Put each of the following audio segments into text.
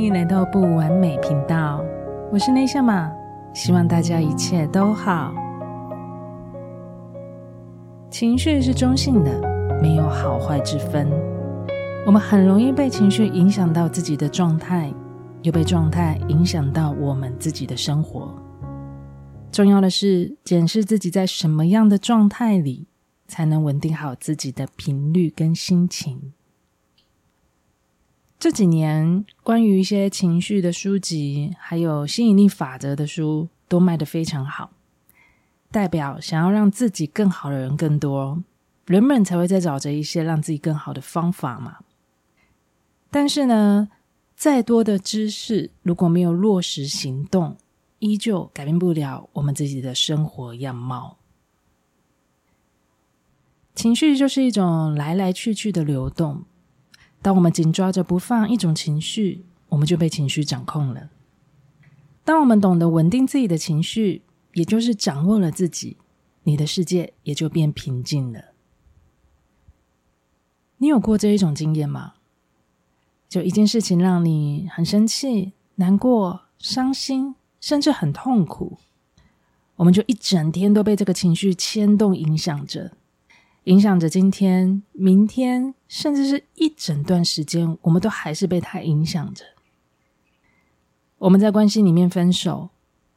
歡迎來到不完美頻道，我是夏瑪。希望大家一切都好。情緒是中性的，沒有好壞之分。我們很容易被情緒影響到自己的狀態，又被狀態影響到我們自己的生活。重要的是，檢視自己在什麼樣的狀態裡，才能穩定好自己的頻率跟心情。這幾年關於一些情緒的書籍，還有吸引力法則的書，都賣得非常好。代表想要讓自己更好的人更多，人們才會再找着一些讓自己更好的方法嘛。但是呢，再多的知識如果沒有落實行動，依舊改變不了我們自己的生活樣貌。情緒就是一種來來去去的流動。當我們緊抓着不放一種情緒，我們就被情緒掌控了。當我們懂得穩定自己的情緒，也就是掌握了自己，你的世界也就變平靜了。你有過這一種經驗嗎？就一件事情讓你很生氣、難過、傷心，甚至很痛苦，我們就一整天都被這個情緒牽動影響著，影響着今天、明天，甚至是一整段時間，我們都還是被他影響着我們在關係裡面分手，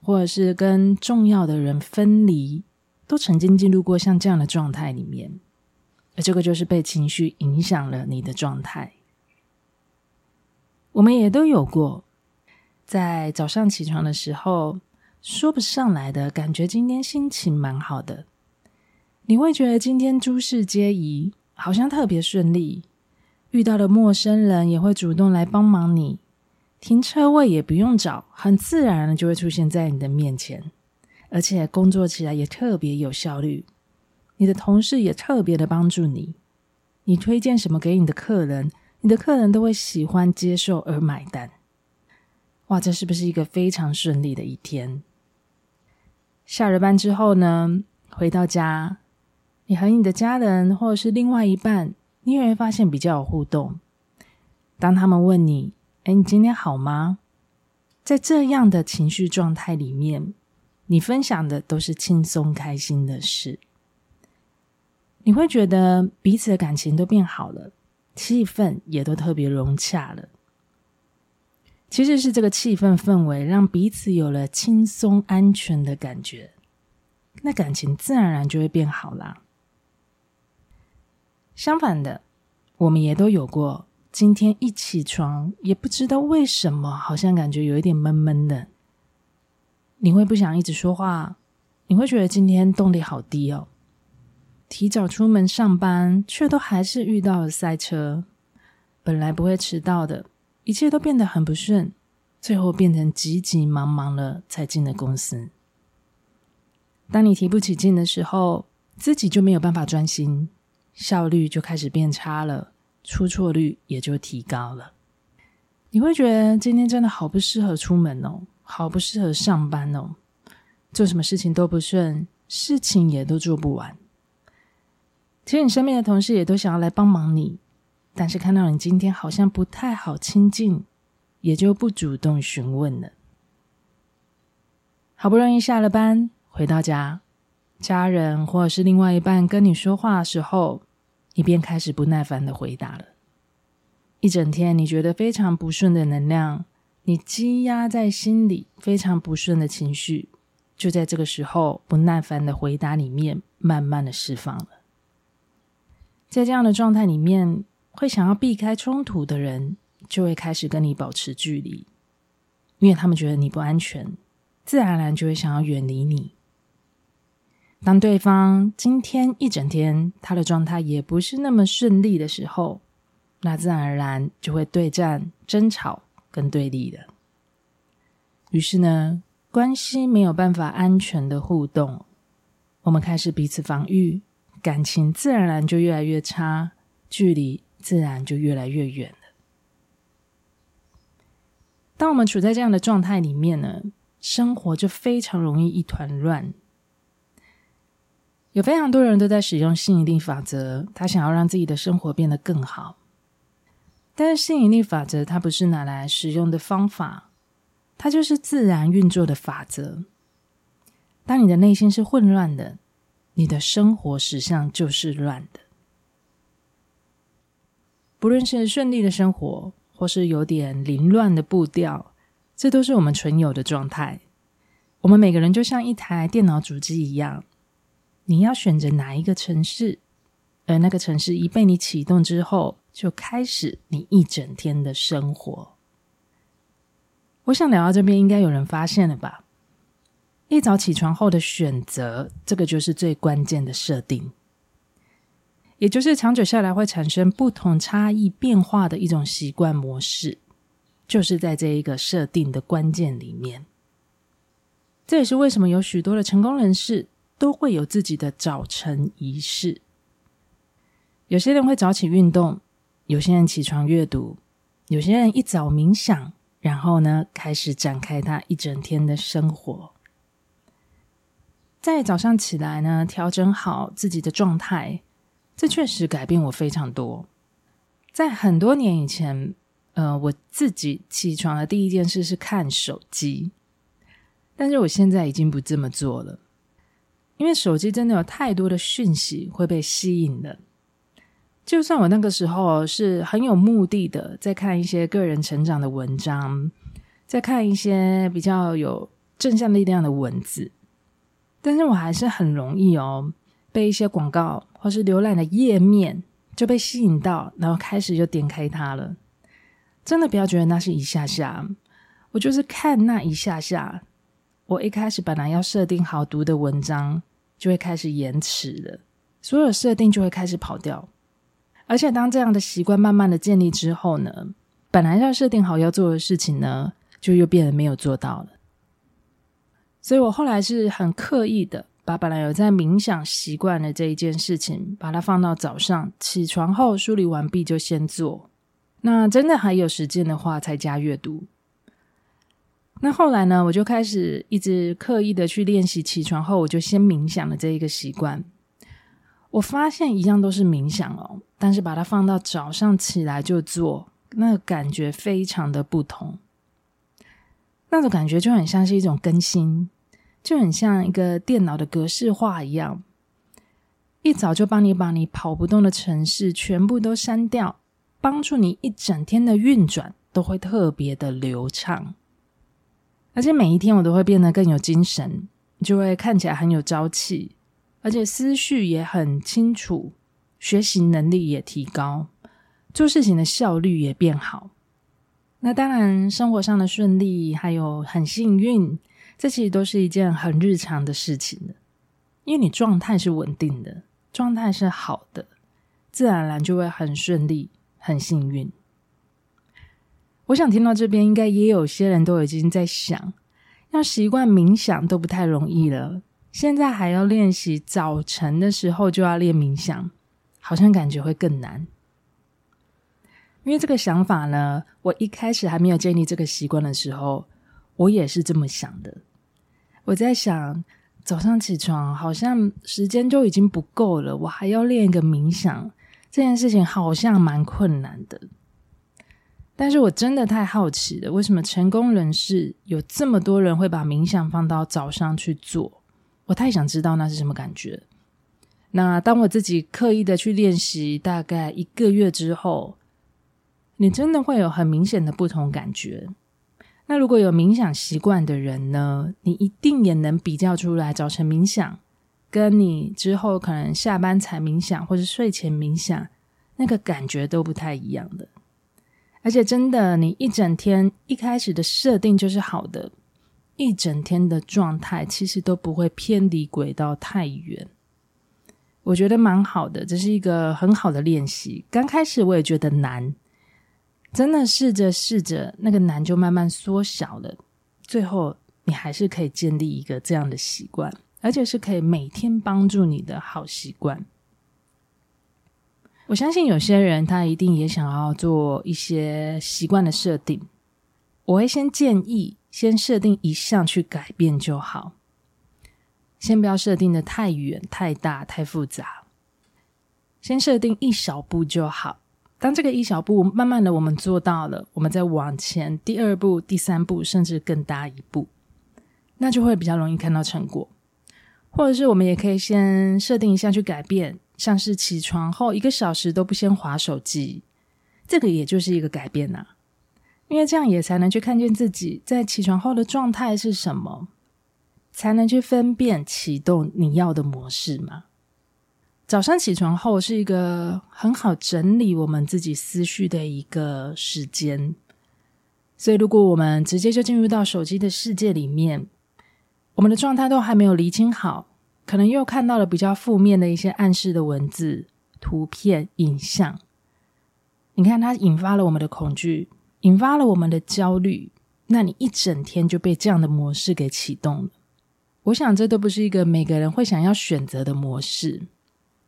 或者是跟重要的人分離，都曾經進入過像這樣的狀態裡面。而這個就是被情緒影響了你的狀態。我們也都有過，在早上起床的時候，說不上來的感覺，今天心情蠻好的。你會覺得今天諸事皆宜，好像特別順利。遇到的陌生人也會主動來幫忙你，停車位也不用找，很自然的就會出現在你的面前。而且工作起來也特別有效率，你的同事也特別的幫助你。你推薦什麼給你的客人，你的客人都會喜歡接受而買單。哇，這是不是一個非常順利的一天？下了班之後呢，回到家。你和你的家人，或者是另外一半，你也會發現比較有互動。當他們問你：“哎，你今天好嗎？”在這樣的情緒狀態裡面，你分享的都是輕鬆開心的事，你會覺得彼此的感情都變好了，氣氛也都特別融洽了。其實是這個氣氛氛圍，讓彼此有了輕鬆安全的感覺，那感情自然而然就會變好啦。相反的，我們也都有過今天一起床也不知道為什麼，好像感覺有一點悶悶的。你會不想一直說話，你會覺得今天動力好低哦。提早出門上班，卻都還是遇到了塞車，本來不會遲到的一切都變得很不順，最後變成急急忙忙了才進了公司。當你提不起勁的時候，自己就沒有辦法專心。效率就開始變差了，出錯率也就提高了。你會覺得今天真的好不適合出門哦，好不適合上班哦，做什麼事情都不順，事情也都做不完。其實你身邊的同事也都想要來幫忙你，但是看到你今天好像不太好親近，也就不主動詢問了。好不容易下了班回到家。家人或者是另外一半跟你說話的時候，你便開始不耐煩的回答了。一整天你覺得非常不順的能量，你積壓在心裡非常不順的情緒，就在這個時候不耐煩的回答裡面慢慢的釋放了。在這樣的狀態裡面，會想要避開衝突的人，就會開始跟你保持距離，因為他們覺得你不安全，自然而然就會想要遠離你。當對方今天一整天，他的狀態也不是那麼順利的時候，那自然而然就會對戰、爭吵跟對立的。於是呢，關係沒有辦法安全的互動，我們開始彼此防禦，感情自然而然就越來越差，距離自然就越來越遠了。當我們處在這樣的狀態裡面呢，生活就非常容易一團亂。有非常多人都在使用吸引力法則，他想要讓自己的生活變得更好。但是吸引力法則它不是拿來使用的方法，它就是自然運作的法則。當你的內心是混亂的，你的生活實際上就是亂的。不論是順利的生活，或是有點凌亂的步調，這都是我們存有的狀態。我們每個人就像一台電腦主機一樣。你要選擇哪一個程式？而那個程式一被你啟動之後，就開始你一整天的生活。我想聊到這邊，應該有人發現了吧？一早起床後的選擇，這個就是最關鍵的設定，也就是長久下來會產生不同差異變化的一種習慣模式，就是在這一個設定的關鍵裡面。這也是為什麼有許多的成功人士。都會有自己的早晨儀式。有些人會早起運動，有些人起床閱讀，有些人一早冥想，然後呢，開始展開他一整天的生活。在早上起來呢，調整好自己的狀態，這確實改變我非常多。在很多年以前，呃，我自己起床的第一件事是看手機，但是我現在已經不這麼做了。因為手機真的有太多的訊息會被吸引的，就算我那個時候是很有目的的在看一些個人成長的文章，在看一些比較有正向力量的文字，但是我還是很容易哦，被一些廣告或是瀏覽的頁面就被吸引到，然後開始就點開它了。真的不要覺得那是一下下，我就是看那一下下。我一開始本來要設定好讀的文章，就會開始延遲了，所有設定就會開始跑掉。而且當這樣的習慣慢慢的建立之後呢，本來要設定好要做的事情呢，就又變得沒有做到了。所以我後來是很刻意的，把本來有在冥想習慣的這一件事情，把它放到早上起床後梳理完畢就先做。那真的還有時間的話，才加閱讀。那後來呢，我就開始一直刻意的去練習，起床後我就先冥想的這一個習慣。我發現一樣都是冥想哦，但是把它放到早上起來就做，那個感覺非常的不同。那種感覺就很像是一種更新，就很像一個電腦的格式化一樣，一早就幫你把你跑不動的程式，全部都刪掉，幫助你一整天的運轉都會特別的流暢。而且每一天我都會變得更有精神，你就會看起來很有朝氣，而且思緒也很清楚，學習能力也提高，做事情的效率也變好。那當然，生活上的順利，還有很幸運，這其實都是一件很日常的事情了。因為你狀態是穩定的，狀態是好的，自然而然就會很順利，很幸運。我想聽到這邊，應該也有些人都已經在想，要習慣冥想都不太容易了，現在還要練習早晨的時候就要練冥想，好像感覺會更難。因為這個想法呢，我一開始還沒有建立這個習慣的時候，我也是這麼想的。我在想早上起床，好像時間就已經不夠了，我還要練一個冥想，這件事情好像蠻困難的。但是我真的太好奇了，為什麼成功人士有這麼多人會把冥想放到早上去做？我太想知道那是什麼感覺。那當我自己刻意的去練習大概一個月之後，你真的會有很明顯的不同感覺。那如果有冥想習慣的人呢，你一定也能比較出來，早晨冥想跟你之後可能下班才冥想或是睡前冥想，那個感覺都不太一樣的。而且真的，你一整天一開始的設定就是好的，一整天的狀態其實都不會偏離軌道太遠，我覺得蠻好的，這是一個很好的練習。剛開始我也覺得難，真的試着試着，那個難就慢慢縮小了。最後你還是可以建立一個這樣的習慣，而且是可以每天幫助你的好習慣。我相信有些人他一定也想要做一些習慣的設定。我會先建議，先設定一項去改變就好，先不要設定的太遠、太大、太複雜，先設定一小步就好。當這個一小步慢慢的我們做到了，我們再往前第二步、第三步，甚至更大一步，那就會比較容易看到成果。或者是我們也可以先設定一項去改變。像是起床後一個小時都不先滑手機，這個也就是一個改變吶、啊，因為這樣也才能去看見自己在起床後的狀態是什麼，才能去分辨啟動你要的模式嘛。早上起床後是一個很好整理我們自己思緒的一個時間，所以如果我們直接就進入到手機的世界裡面，我們的狀態都還沒有釐清好。可能又看到了比較負面的一些暗示的文字、圖片、影像。你看，它引發了我們的恐懼，引發了我們的焦慮。那你一整天就被這樣的模式給啟動了。我想，這都不是一個每個人會想要選擇的模式。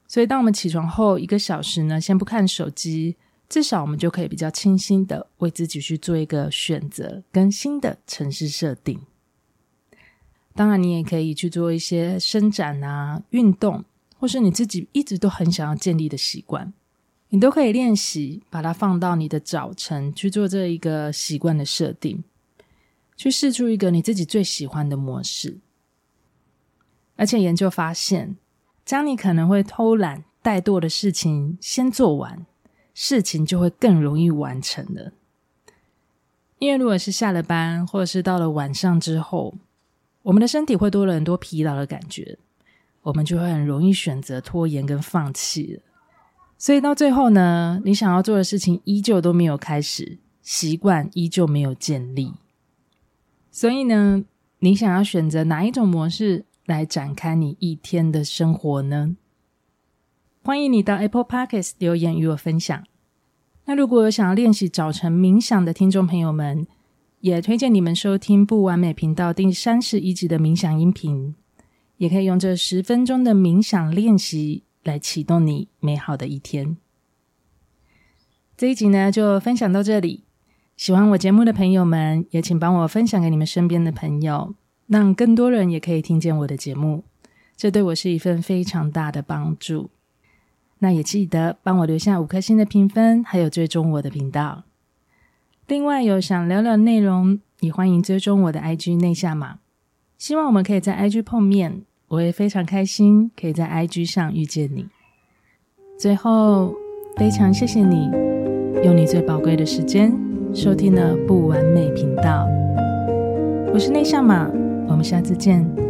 所以，當我們起床後一個小時呢，先不看手機，至少我們就可以比較清晰的為自己去做一個選擇，更新的程式設定。當然，你也可以去做一些伸展啊、運動，或是你自己一直都很想要建立的習慣，你都可以練習，把它放到你的早晨去做這一個習慣的設定，去試出一個你自己最喜歡的模式。而且研究發現，將你可能會偷懶怠惰的事情先做完，事情就會更容易完成的。因為如果是下了班，或者是到了晚上之後，我們的身體會多了很多疲勞的感覺，我們就會很容易選擇拖延跟放棄了。所以到最後呢，你想要做的事情依舊都沒有開始，習慣依舊沒有建立。所以呢，你想要選擇哪一種模式來展開你一天的生活呢？歡迎你到 Apple Podcast 留言與我分享。那如果有想要練習早晨冥想的聽眾朋友們。也推薦你們收聽不完美頻道第三十一集的冥想音頻，也可以用這十分鐘的冥想練習來啟動你美好的一天。這一集呢，就分享到這裡。喜歡我節目的朋友們，也請幫我分享給你們身邊的朋友，讓更多人也可以聽見我的節目，這對我是一份非常大的幫助。那也記得幫我留下五顆星的評分，還有追蹤我的頻道。另外有想聊聊內容，也歡迎追蹤我的 IG Neshama。希望我們可以在 IG 碰面，我也非常開心可以在 IG 上遇見你。最後，非常謝謝你用你最寶貴的時間收聽了不完美頻道。我是 Neshama，我們下次見。